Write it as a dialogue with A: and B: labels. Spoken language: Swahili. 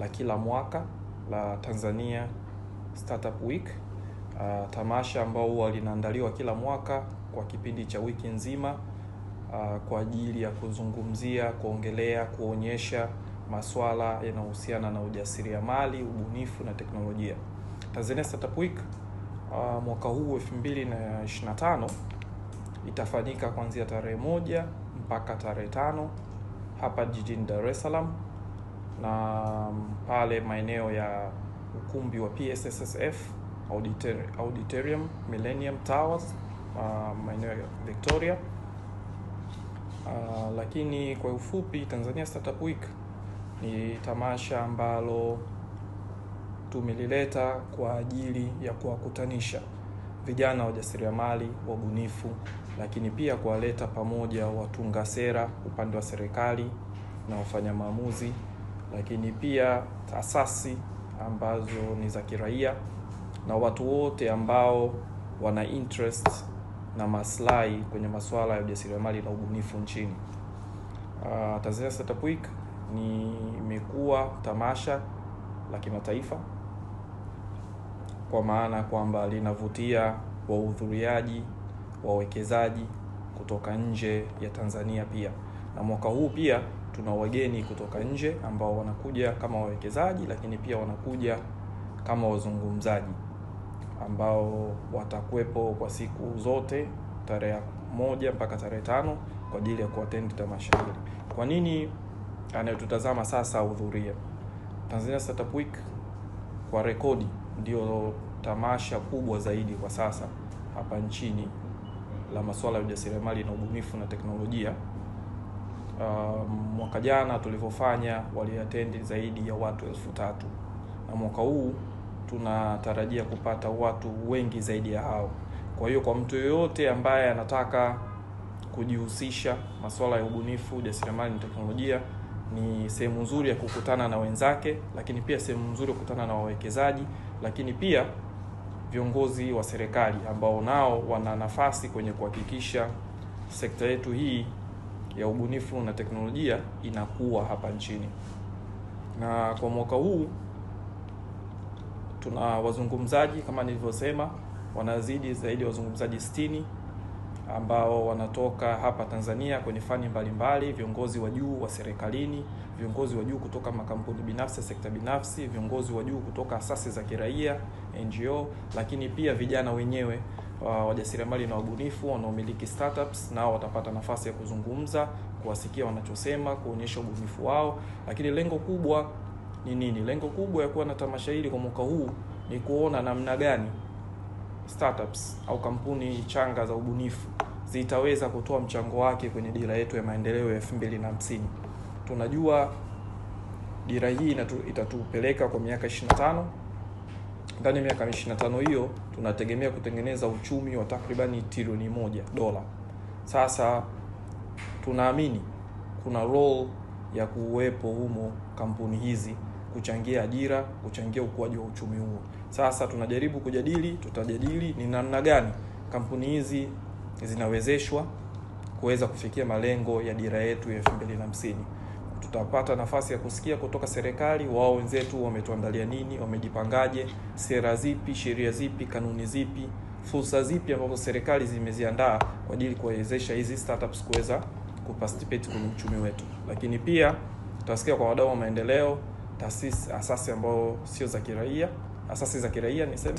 A: la kila mwaka la Tanzania Startup Week, uh, tamasha ambao huwa linaandaliwa kila mwaka kwa kipindi cha wiki nzima uh, kwa ajili ya kuzungumzia, kuongelea, kuonyesha masuala yanayohusiana na ujasiriamali, ubunifu na teknolojia. Tanzania Startup Week uh, mwaka huu 2025 itafanyika kuanzia tarehe moja mpaka tarehe tano hapa jijini Dar es Salaam na pale maeneo ya ukumbi wa PSSSF Auditorium Millennium Towers uh, maeneo ya Victoria uh, lakini kwa ufupi Tanzania Startup Week ni tamasha ambalo tumelileta kwa ajili ya kuwakutanisha vijana wajasiriamali wabunifu, lakini pia kuwaleta pamoja watunga sera upande wa serikali na wafanya maamuzi lakini pia taasasi ambazo ni za kiraia na watu wote ambao wana interest na maslahi kwenye masuala ya ujasiriamali na ubunifu nchini. Uh, Tanzania Startup Week ni imekuwa tamasha la kimataifa kwa maana kwamba linavutia wahudhuriaji, wawekezaji kutoka nje ya Tanzania pia na mwaka huu pia tuna wageni kutoka nje ambao wanakuja kama wawekezaji, lakini pia wanakuja kama wazungumzaji ambao watakuwepo kwa siku zote tarehe moja mpaka tarehe tano kwa ajili ya kuattend tamasha hili. Kwa nini anayetutazama sasa hudhuria Tanzania Startup Week kwa rekodi ndio tamasha kubwa zaidi kwa sasa hapa nchini la masuala ya ujasiriamali na ubunifu na teknolojia uh, mwaka jana tulivyofanya waliatendi zaidi ya watu elfu tatu na mwaka huu tunatarajia kupata watu wengi zaidi ya hao. Kwa hiyo kwa mtu yoyote ambaye anataka kujihusisha masuala ya ubunifu, ujasiriamali na teknolojia, ni sehemu nzuri ya kukutana na wenzake, lakini pia sehemu nzuri ya kukutana na wawekezaji, lakini pia viongozi wa serikali ambao nao wana nafasi kwenye kuhakikisha sekta yetu hii ya ubunifu na teknolojia inakuwa hapa nchini, na kwa mwaka huu tuna wazungumzaji kama nilivyosema, wanazidi zaidi ya wazungumzaji sitini ambao wanatoka hapa Tanzania kwenye fani mbalimbali, viongozi wa juu wa serikalini, viongozi wa juu kutoka makampuni binafsi sekta binafsi, viongozi wa juu kutoka asasi za kiraia NGO, lakini pia vijana wenyewe Uh, wajasiriamali na wabunifu wanaomiliki startups nao watapata nafasi ya kuzungumza, kuwasikia wanachosema, kuonyesha ubunifu wao. Lakini lengo kubwa ni nini? Lengo kubwa ya kuwa na tamasha hili kwa mwaka huu ni kuona namna gani startups au kampuni changa za ubunifu zitaweza kutoa mchango wake kwenye dira yetu ya maendeleo ya 2050. Tunajua dira hii itatupeleka kwa miaka 25 ndani ya miaka 25 hiyo tunategemea kutengeneza uchumi wa takribani trilioni moja dola. Sasa tunaamini kuna role ya kuwepo humo kampuni hizi kuchangia ajira, kuchangia ukuaji wa uchumi huo. Sasa tunajaribu kujadili, tutajadili ni namna gani kampuni hizi zinawezeshwa kuweza kufikia malengo ya dira yetu ya 2050 tutapata nafasi ya kusikia kutoka serikali, wao wenzetu wametuandalia nini, wamejipangaje, sera zipi, sheria zipi, kanuni zipi, fursa zipi ambazo serikali zimeziandaa kwa ajili kuwezesha hizi startups kuweza kuparticipate kwenye uchumi wetu. Lakini pia tutasikia kwa wadau wa maendeleo, taasisi, asasi ambayo sio za kiraia, asasi za kiraia ni